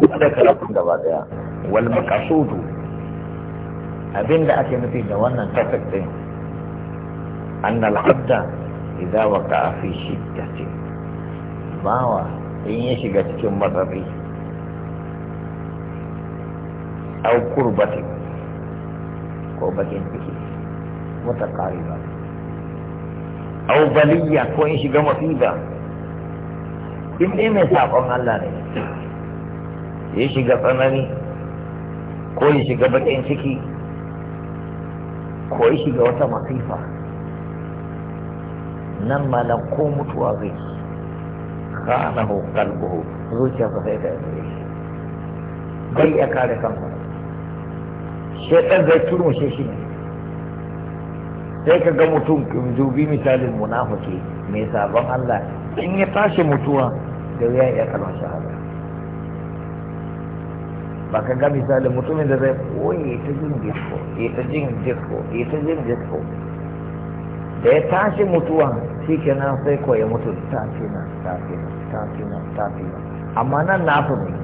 duk da karatun gaba daya wal maqasudu abinda ake nufi da wannan tafsir din anna al-abda idza waqa'a fi shiddati bawa in ya shiga cikin matsatsi au kurbati ko bakin ciki mutaqariba au baliya ko in shiga musiba in dai mai sakon Allah ne ya shiga tsanani ko ya shiga baƙin ciki ko ya shiga wata masifa nan malam ko mutuwa zai khanahu qalbuhu zuciyarsa sai ta yi bai ya kare kansa shekar zai turmushe shi ne sai ka ga mutum dubi misalin munafiki mai sabon Allah in ya tashi mutuwa da ya iya kalmar shahada ba ka ga misalin mutumin da zai koyi ta jin disko, ya ta jin disko, ya ta jin disko. da ya tashi mutuwa shi nan sai ko ya mutu tafi fina tafi fina tafi fina tafi fina amma nan na fi mai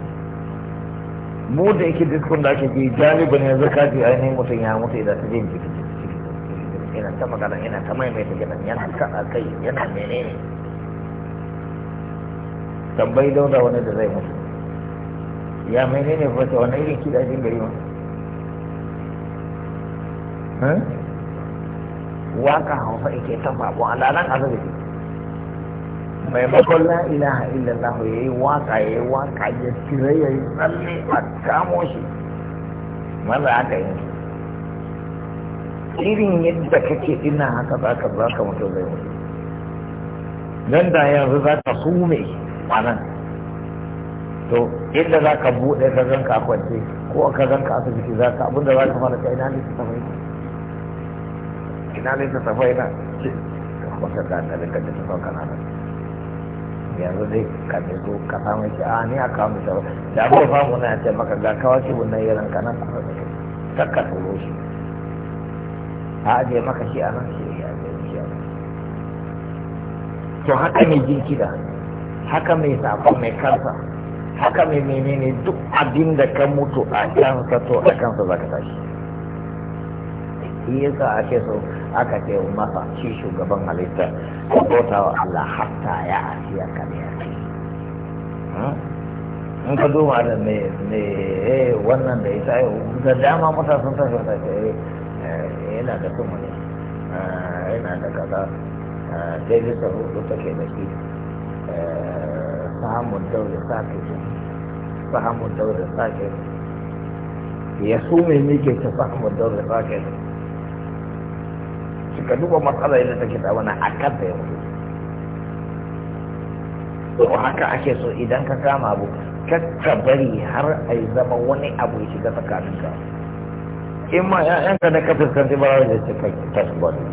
mu da yake diskon da ake ji galibin yanzu ka ji ainihin mutum ya mutu idan ta jin jiki ina ta magana ina ta maimaita gina yana kaɗa kai yana menene tambayi dauda wani da zai mutu ya mene ne fata wani irin kiɗajen gari ma waka hausa ike ta babu alalan azuri maimakon la ilaha illallah ya yi waka ya yi waka ya tsira ya yi tsalle a kamo shi maza aka yi irin yadda kake ina haka za ka za ka mutu zai mutu don da yanzu za ka sume a nan to inda za ka buɗe ka zanka a kwance ko ka zanka a asibiti za ka abinda za ka fara ka ina ne ta safai ina ne ta safai na ka kuma ka nalin ka ta sauka na nan yanzu dai ka ne zo ka samun shi a ah, ni a kawo mai safai da abu da famu na ce maka ga kawo shi wannan yaran ka nan kusa da kai kakka tsoro shi a ajiye maka shi a nan shi ya ajiye shi a nan to haka mai jin haka mai sakon mai kansa haka mai menene duk abin da ka mutu a kansa to a kansa za ka tashi shi yasa ake so aka ce masa shi shugaban halitta ko bauta wa Allah hatta ya asiya ka ne ya ce hmm? in ka duba da me me eh, wannan da ita yau eh, da dama mutane sun tashi ta ce eh, yana da kuma ne yana da kaza sai bisa rudu ke da shi samun daure sa ke فهم الدور الساكن يصوم ميكي تفهم الدور الساكن ka duba matsala yadda take da wani akan da ya mutu to haka ake so idan ka kama abu ka bari har a zama wani abu ya shiga tsakaninka in ma ya ya'yanka da ka fuskanci ba da ce kai tasbani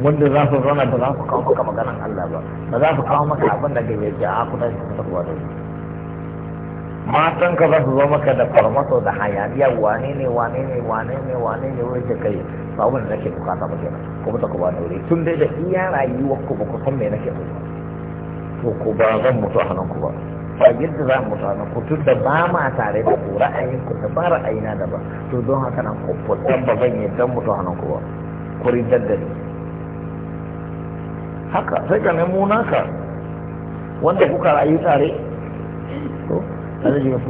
wanda za su zauna da za su kawo maka maganan Allah ba ba za su kawo maka abin da gabe ce a kuna shi tasbani matan ka za su zo maka da farmato da hayaniya wane ne wane ne wane ne wane ne wai ta kai ba wani nake bukata ba kenan kuma ta ku ba wuri tun dai da iya rayuwa ku ba ku san me nake so to ku ba zan mutu a hannun ku ba ba yadda za mu tsana ku tun da ba ma tare da ku ra'ayin ku da ba ra'ayina da ba to don haka nan ku fitan ba zan dan mutu hannun ku ba ku ridar da ni haka sai ka nemo naka wanda kuka rayu tare to alhaji wasu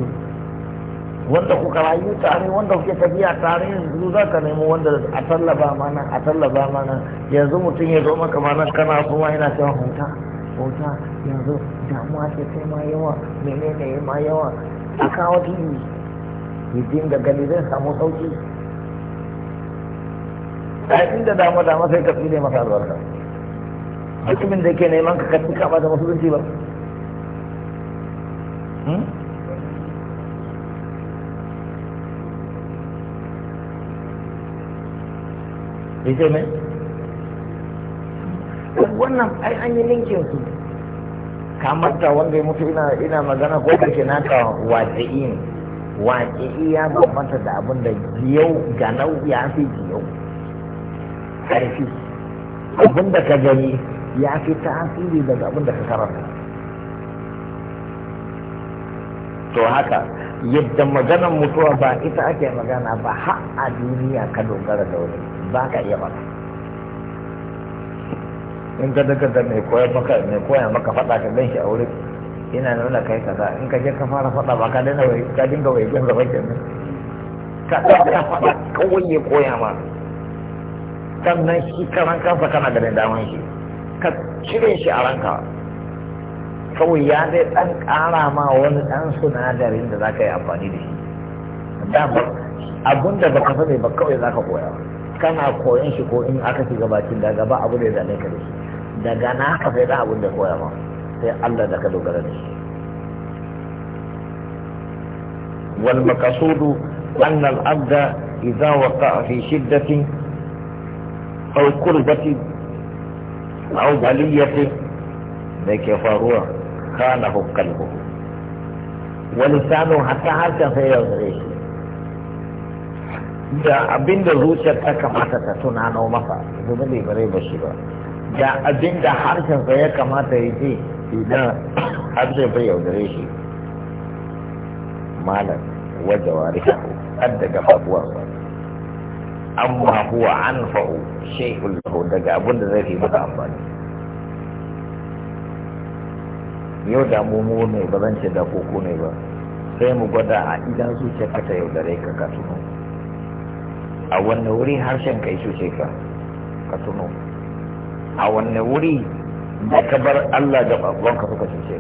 wanda kuka rayu tare wanda kuke tafiya tare yanzu za ka nemo wanda a tallaba mana a tallaba mana yanzu mutum ya zo maka mana kana kuma yana cewa hota-hota. yanzu damuwa ce sai ma yawa menene ya ma yawa a kawo tini ya dinga gani zai samu sauki a inda dama dama sai ka tsile masa albarka mutumin da ke neman ka kaci kama da musulunci ba hmm? bai ce mai wannan ai an yi linkin su kamar da wanda ya mutu ina ina magana ko da ke naka waƙi'i ne ya bambanta da abin da yau ga nau ya fi yau karfi abin da ka gani ya fi tasiri daga abin da ka karanta to haka yadda maganar mutuwa ba ita ake magana ba ha a duniya ka dogara da wani ba ka iya faɗa in ka daga da mai koya maka mai koya maka faɗa ka ganshi shi a wurin ina nuna kai kaza in ka je ka fara faɗa ba ka daina wai ka dinga wai gan gaba kenan ka ka faɗa kawai ya koya ma sannan shi karan kansa kana ganin daman shi ka cire shi a ranka kawai ya dai ɗan ƙara ma wani ɗan sunadarin da za ka yi amfani da shi da abunda ba baka sani ba kawai za ka koya ba kana koyon shi ko in aka shiga bakin da gaba abu da ya zane ka da shi daga na ka sai da abin da koya ma sai Allah da ka dogara da shi wal maqsudu anna al abda idza waqa'a fi shiddatin aw kurbatin aw baliyatin da ke faruwa kana hukkalhu wal sanu hatta har ta sai ya zare shi da abinda zuciyar ta kamata ta tunano masa zunubi ba zai ba da abinda harshensa ya kamata ya ce idan har zai bai yaudare shi malam wajen wari har daga ba amma huwa an fa'u shekul lahu daga abinda zai fi masa amfani yau da mu ne ba zan ce da koko ne ba sai mu gwada a idan zuciyar ta yaudare ka ka tuno a wanne wuri harshen kai cuce ka ka tuno a wanne wuri da ka bar Allah da ka suka cuce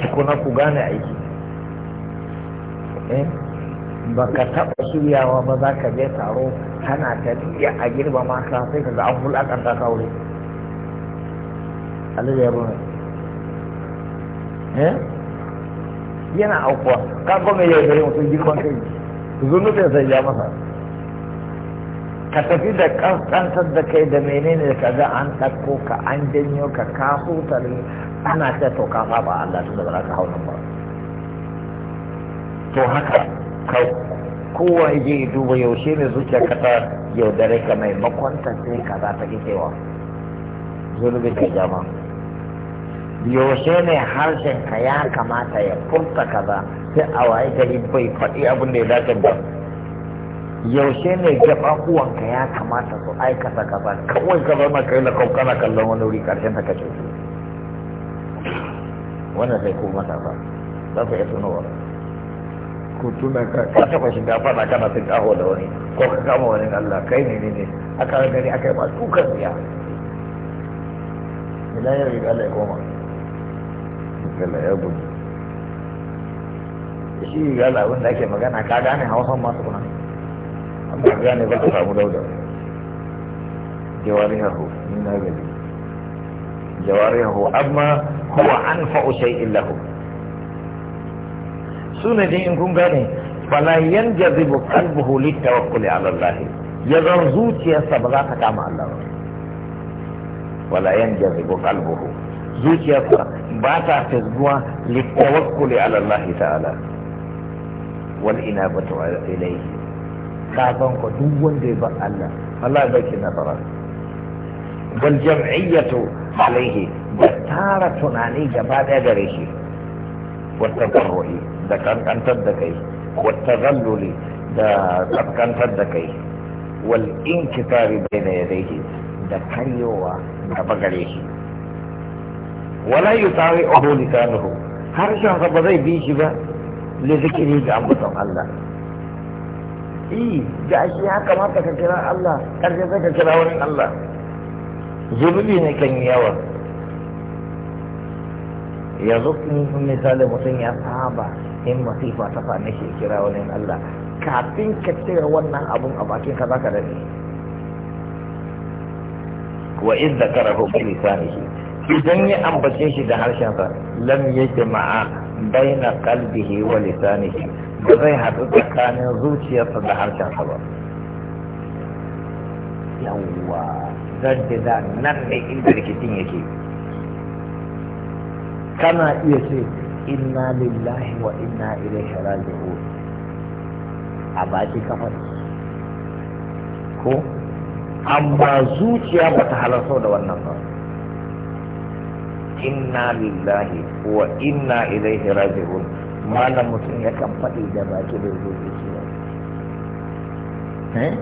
ka kuna ku gane aiki eh? ba ka taɓa shiryawa ba za ka je taro kana tafiya a girba maka sai ka ga an fulakanta ta wuri Allah ya ni. eh yana aukuwa ka gome ya gare mutum girman kai zunubin zai ya masa ka tafi da kaskantar da kai da menene ka ga an ɗauko ka an janyo ka ka ne ana ce to ka saba Allah tun da ba za ka hau nan ba to haka ka kowa je duba yaushe ne zuciya ka ta yaudare ka mai ta sai ka za ta ki cewa zunubin ka jama'a yaushe ne harshen ka ya kamata ya furta kaza sai a waye gari bai faɗi abin da ya dace ba yaushe ne ka ya kamata su aikata kaza kawai ka zama kai na kau kana kallon wani wuri karshen ta kace su wannan sai kuma mata ba za ku iya tunowa ku tuna ka ka taɓa shiga faɗa kana sun ƙaho da wani ko ka kama wani Allah kai ne ne ne aka gani aka yi ma tukar biya idan ya riga Allah ya koma gala ya gudu shi gala abin da ake magana ka gane hausan masu kuna an ba gane ba ka samu dauda Jawar yahu ni na gaji jawar yahu amma kuwa an fa'u shay'in lahu sune dai in kun gane fala yanjazibu qalbuhu litawakkul ala Allah ya zan zuciyarsa ba za ta kama Allah ba wala yanjazibu qalbuhu zuciyarsa ba ta fizguwa littawakkuli ala Allah ta'ala wal ina inabatu ilayhi ka san ko duk wanda ya ba Allah Allah ya baki nasara wal jam'iyyatu alayhi da tara tunani gaba daya gare shi wata tabarru'i da kankantar da kai wata zalluli da kankantar da kai wal inkitari bayna yadayhi da karyowa gaba gare shi wala yusawi ahu lisanuhu harshen sa ba zai bi shi ba li zikiri da ambaton Allah eh da shi ya kamata ka kira Allah karshe zai ka kira wurin Allah zunubi ne kan yawa yanzu misali mutum ya saba in masifa ta fane shi kira wani Allah kafin ka cire wannan abun a bakin ka zaka dade wa iz zakarahu bi lisanihi idan ya ambace shi da harshensa lam yake jama'a, baina qalbihi wa lisanihi ba zai haɗu tsakanin zuciyarsa da harshensa ba yawwa zan ce da nan ne inda rikicin yake kana iya ce inna lillahi wa inna ilaihi raji'un a baki kafar ko amma zuciya ba ta halarta da wannan ba inna lillahi wa inna ilaihi raji'un malam mutum ya kan faɗi da baki da zuciya eh?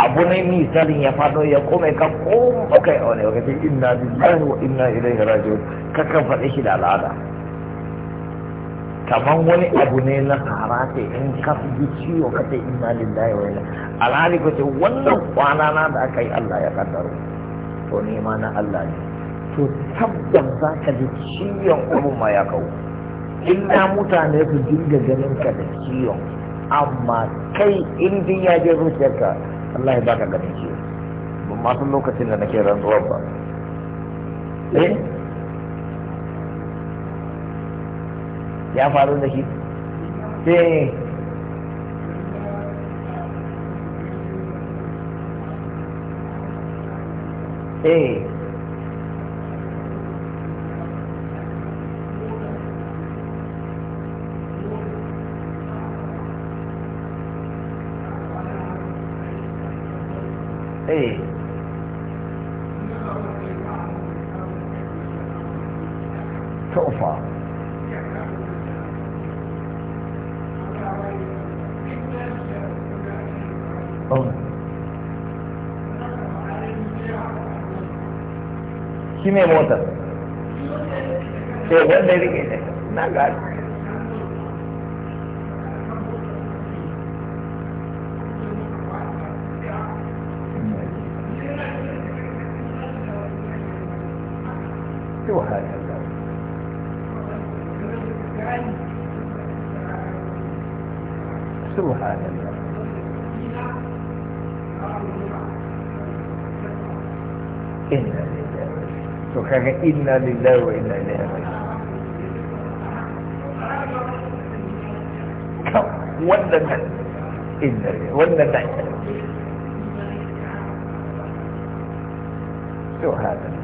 abu ne misalin ya faɗo ya kome ka koma kai a wani wakati inna lillahi wa inna ilaihi raji'un ka kan faɗi shi da al'ada kamar wani abu ne na karate in ka fi ciwo ka ce inna lillahi wa inna alhali ko ce wannan kwana na da aka yi Allah ya kaddaro to ne ma na Allah ne to tabbas za ka ji ciwon abin ma ya kawo na mutane su dinga ganin ka da ciwon amma kai in din ya je zuciyarka Allah ya baka ganin ciwon ba ma san lokacin da nake rantsuwa ba eh ya faru da shi sai eh, eh. eh tofa oh. shi ne motar sai eh, wanda rike na gari وهكذا سبحان الله إنا لله سبحانه إنا لله وإنا إليه راجعون wannan إنا لله wannan nan إنا hada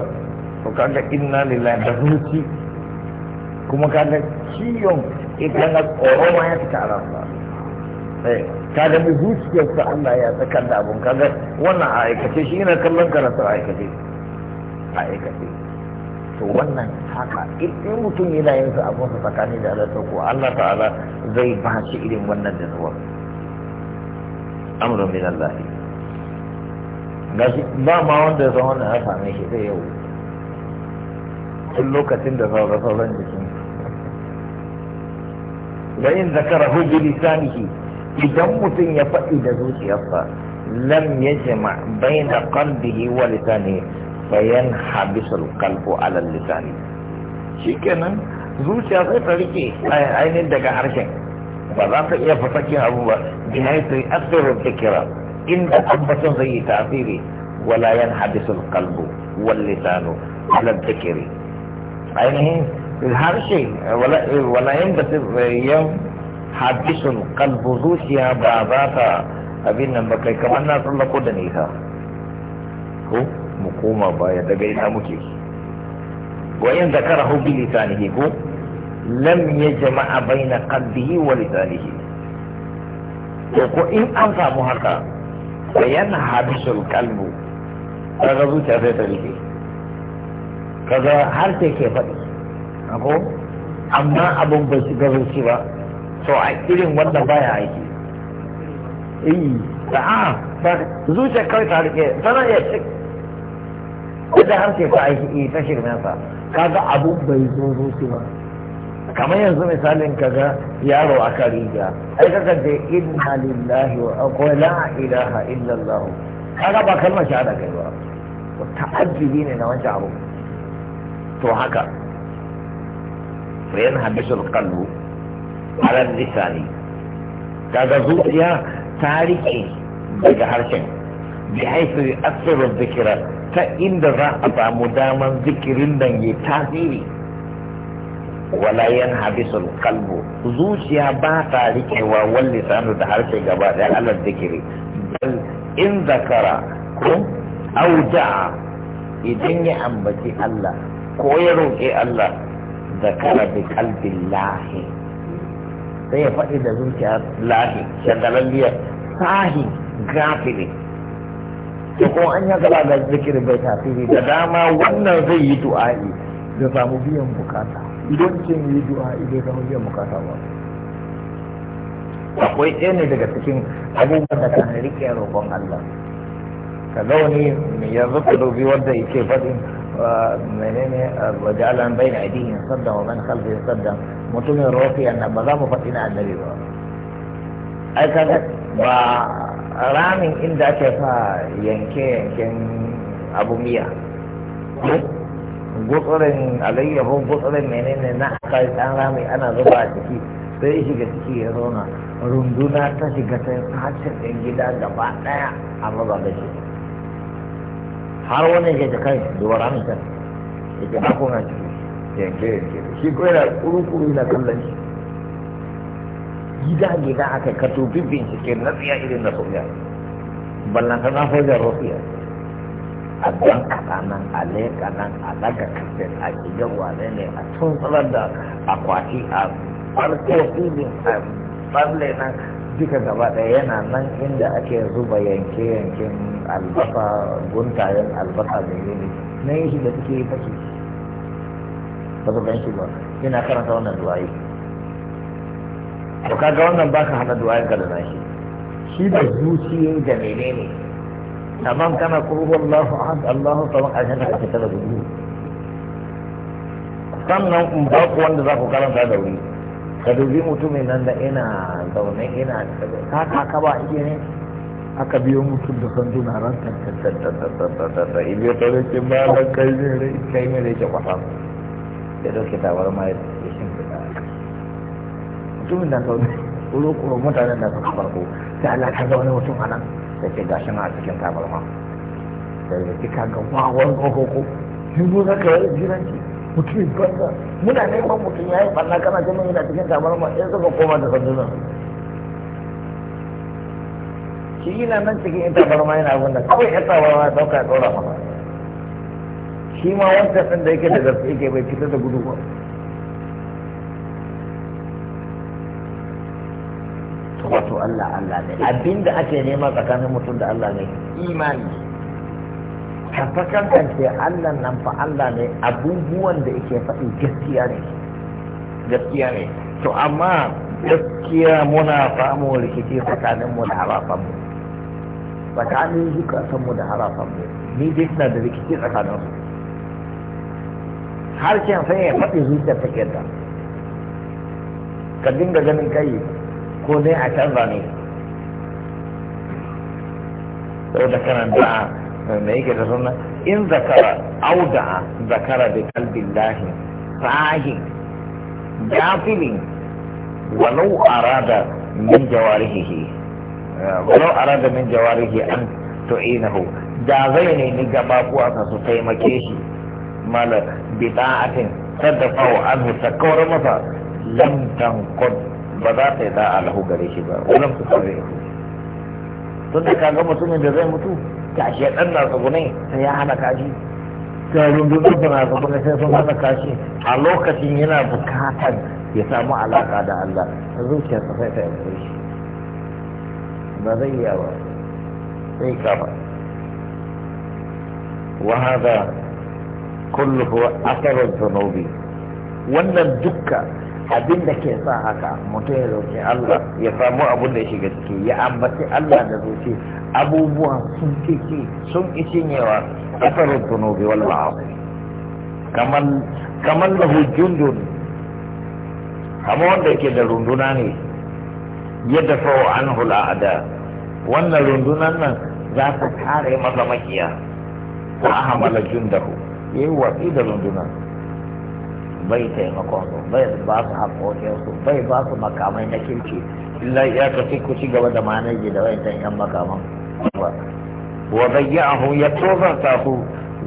ga inna lillahi da hulci kuma ga ciyon idan na tsoro ma ya fita a ransa eh, kaga mai zuciyarsa Allah ya tsakar da abun ga wannan a aikace shi yana kallon karatu a aikace aikace to wannan haka idan mutum yana yin sa abun sa tsakani da Allah ko Allah ta'ala zai ba shi irin wannan da zuwa amrun min Allah ba ma wanda ya zama wannan ya same shi zai yau tun lokacin da sauran jikin da in zakara hujji lisanihi idan mutum ya faɗi da zuciyarsa lam yajma baina qalbihi wa lisanihi bayan habisul qalbu ala lisani shikenan zuciya sai ta rike ainihin daga harshen ba za ta iya fasakin abu ba bihaitu asirin fikira inda ambaton zai yi tasiri wala yan habisul qalbu wal lisanu ala dhikri ainihin harshe walayin da eh, yan hadisun kalbu zuciya ba za ta abin nan ba kai kamar na tsallako da nisa ko mu koma baya daga ina muke wa in zakara hu bi lisanihi ko lam jama'a baina kalbihi wa lisanihi to ko in an samu haka wa yan hadisul kalbu daga zuciya sai ta rike kaga har sai ke faɗi ko amma abin bai shiga zuci ba to a irin wanda baya aiki eh da a ba zuciya kai ta rike tana iya cik da har sai ka aiki ta shirmen sa kaga abin bai zo shi ba kamar yanzu misalin kaga yaro a kariya ai kaga da inna lillahi wa la ilaha illallah kaga ba kalmar shahada kai ba ta'ajjibi ne na wancan abu to haka fayan habisul qalbu ala lisani kaga zuciya ta rike daga harshen bi haifu asiru zikira ta inda za a samu daman zikirin nan ya tasiri wala yan habisul qalbu zuciya ba ta rikewa wal lisanu da harshe gaba daya ala zikiri bal in zakara ko auja idan ya ambaci Allah ko ya roƙe Allah da kala bi kalbin lahi sai ya faɗi da zuciya lahi shagalalliya sahi gafini to kuma an yi gaba da zikirin bai tasiri da dama wannan zai yi du'a'i da samu biyan bukata idan ce yi du'a'i zai samu biyan bukata ba akwai ɗaya ne daga cikin abubuwan da kan riƙe roƙon Allah ka zaune yanzu ka dubi wanda yake faɗin menene wajalan bai na idihin sadda wa man khalfi sadda mutumin rofiya na ba za mu faɗi na annabi ba ai kaga ba ramin inda ake sa yanke yanken abu miya gutsurin alayyahu gutsurin menene na aka yi ɗan rami ana zuba a ciki sai ya shiga ciki ya zauna runduna ta shiga ta yi ɗin gida gaba ɗaya a mazaɓa shi har wannan ke kai duwara min ta yake na kuma ciki yanke yanke shi ko yana kuru yana kallon shi gida gida aka ka tufi bincike na siya irin na soja ballan sana sojan rufiya a don kaɗa nan a leƙa a ɗaga kafin a shiga wane ne a tun tsalar da akwati a farko filin a ɓarle nan duka gaba ɗaya yana nan inda ake zuba yanke yankin albasa guntayen albasa da yini na yin shi da suke yi fashe ba su ganshi ba yana karanta wannan duwaye ba kaga wannan ba ka hana duwayen ga da shi shi da zuciyar da menene tamam kana kurhu Allahu ahad Allahu samad a shaka ka da gudu sannan in ba ku wanda za ku karanta da wuri ka dubi mutumin nan da ina zaune ina K'a ka ka ba iya ne aka biyo mutum da sanduna ran ta ta ta ta ta ta ta ta ta ta ba da kai ne rai kai ne ta ke ta ya dauke ta ta ya shin ta mutumin nan zaune kuro kuro mutanen da suka farko sai Allah ka ta mutum ta ta ta ta ta ta a cikin tabarma sai ta kika ga wawan ta ta zo ta ta jiranci mutum banza muna neman mutum ya yi ɓanna kana ganin yana cikin kamar ma sai suka koma da sandunan shi yana nan cikin ita barma yana abin da kawai ya sa barma ya dauka ya ɗora mana shi ma wancan ɗin da yake da gaske yake bai fitar da gudu ba wato Allah Allah ne abinda ake nema tsakanin mutum da Allah ne imani ka da ke Allah nan fa Allah ne abubuwan da yake faɗi gaskiya ne gaskiya ne to amma gaskiya muna samu rikici tsakanin mu da harafan mu tsakanin zukatan mu da harafan mu ni dai suna da rikici tsakanin su har harshen sai ya faɗi zuciyar ta kenta ka dinga ganin kai ko ne a canza ne saboda kana da'a mai yake da suna in zakara auda zakara da kalbin sahi, sahin gafilin walau arada min jawarihi walau arada min jawarihi an tu'inahu da zai ne ni gaba kuwa su taimake shi mala bida'atin saddafa wa anhu sakawar masa lam tanqud ba za ta yi da'a lahu gare shi ba walam tusarrihu tun da kaga mutumin da zai mutu ga shi na tsugune sai ya hana kashi ga rundunar su na tsugune sai sun hana kashi a lokacin yana bukatan ya samu alaka da Allah ta zuciyarsa sai ta yanzu shi ba zai yi ba sai kama وهذا كله أثر الذنوب wannan dukka abin da ke sa haka mutum ya zoce Allah ya samu abin da ya shiga ciki ya ambaci Allah da zoce abubuwan sun ciki sun ishinyewa asarar zunubi wal ma'asi kamar kamar hujjun jundun kamar wanda yake da runduna ne ya dafa wa an hula da wannan rundunan nan za ta kare masa makiya ko a hamala jundahu yi watsi da rundunan bai taimakon su bai ba su haƙoƙin su bai ba su makamai na kirki illa ya ka ku ci gaba da manaji da wayancan yan makaman wa ahu ya ta ku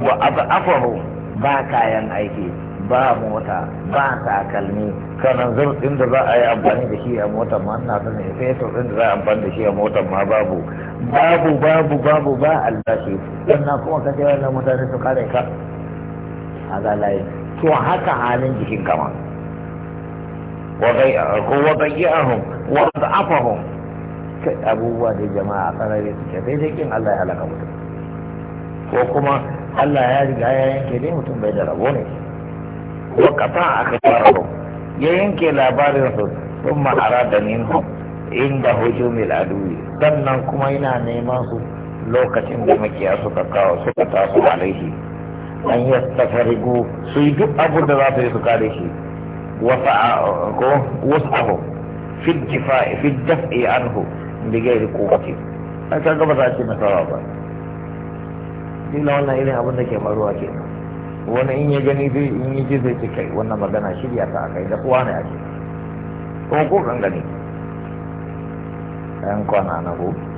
wa azafahu ba kayan aiki ba mota ba takalmi kanan zurfin da za a yi amfani da shi a motar ma ina sani fetur din da za a amfani da shi a motar ma babu babu babu babu ba allashi wannan kuma kace wannan mutane su kare ka a ga layi to haka halin jikin kama wa bayyahum afa da'afahum kai abubuwa da jama'a su suke sai jikin Allah ya halaka mutum ko kuma Allah ya riga ya yanke ne mutum bai da rabo ne wa qata rabo ya yanke labarin su sun ma'ara da minhum inda hujumil aduwi sannan kuma yana neman su lokacin da makiya suka kawo suka taso alaihi an yastafarigu su yi duk abin da za su yi su kare shi wasa'ahu fi jifa'i fi daf'i anhu da da kowace an ka gaba za ce nasara ba na wannan irin abin da ke maruwa ke wani in ya gani zai in yi ji zai ce kai wannan magana shirya ta akai da kowa ne ake ko ko kan gani kayan kwana na gobe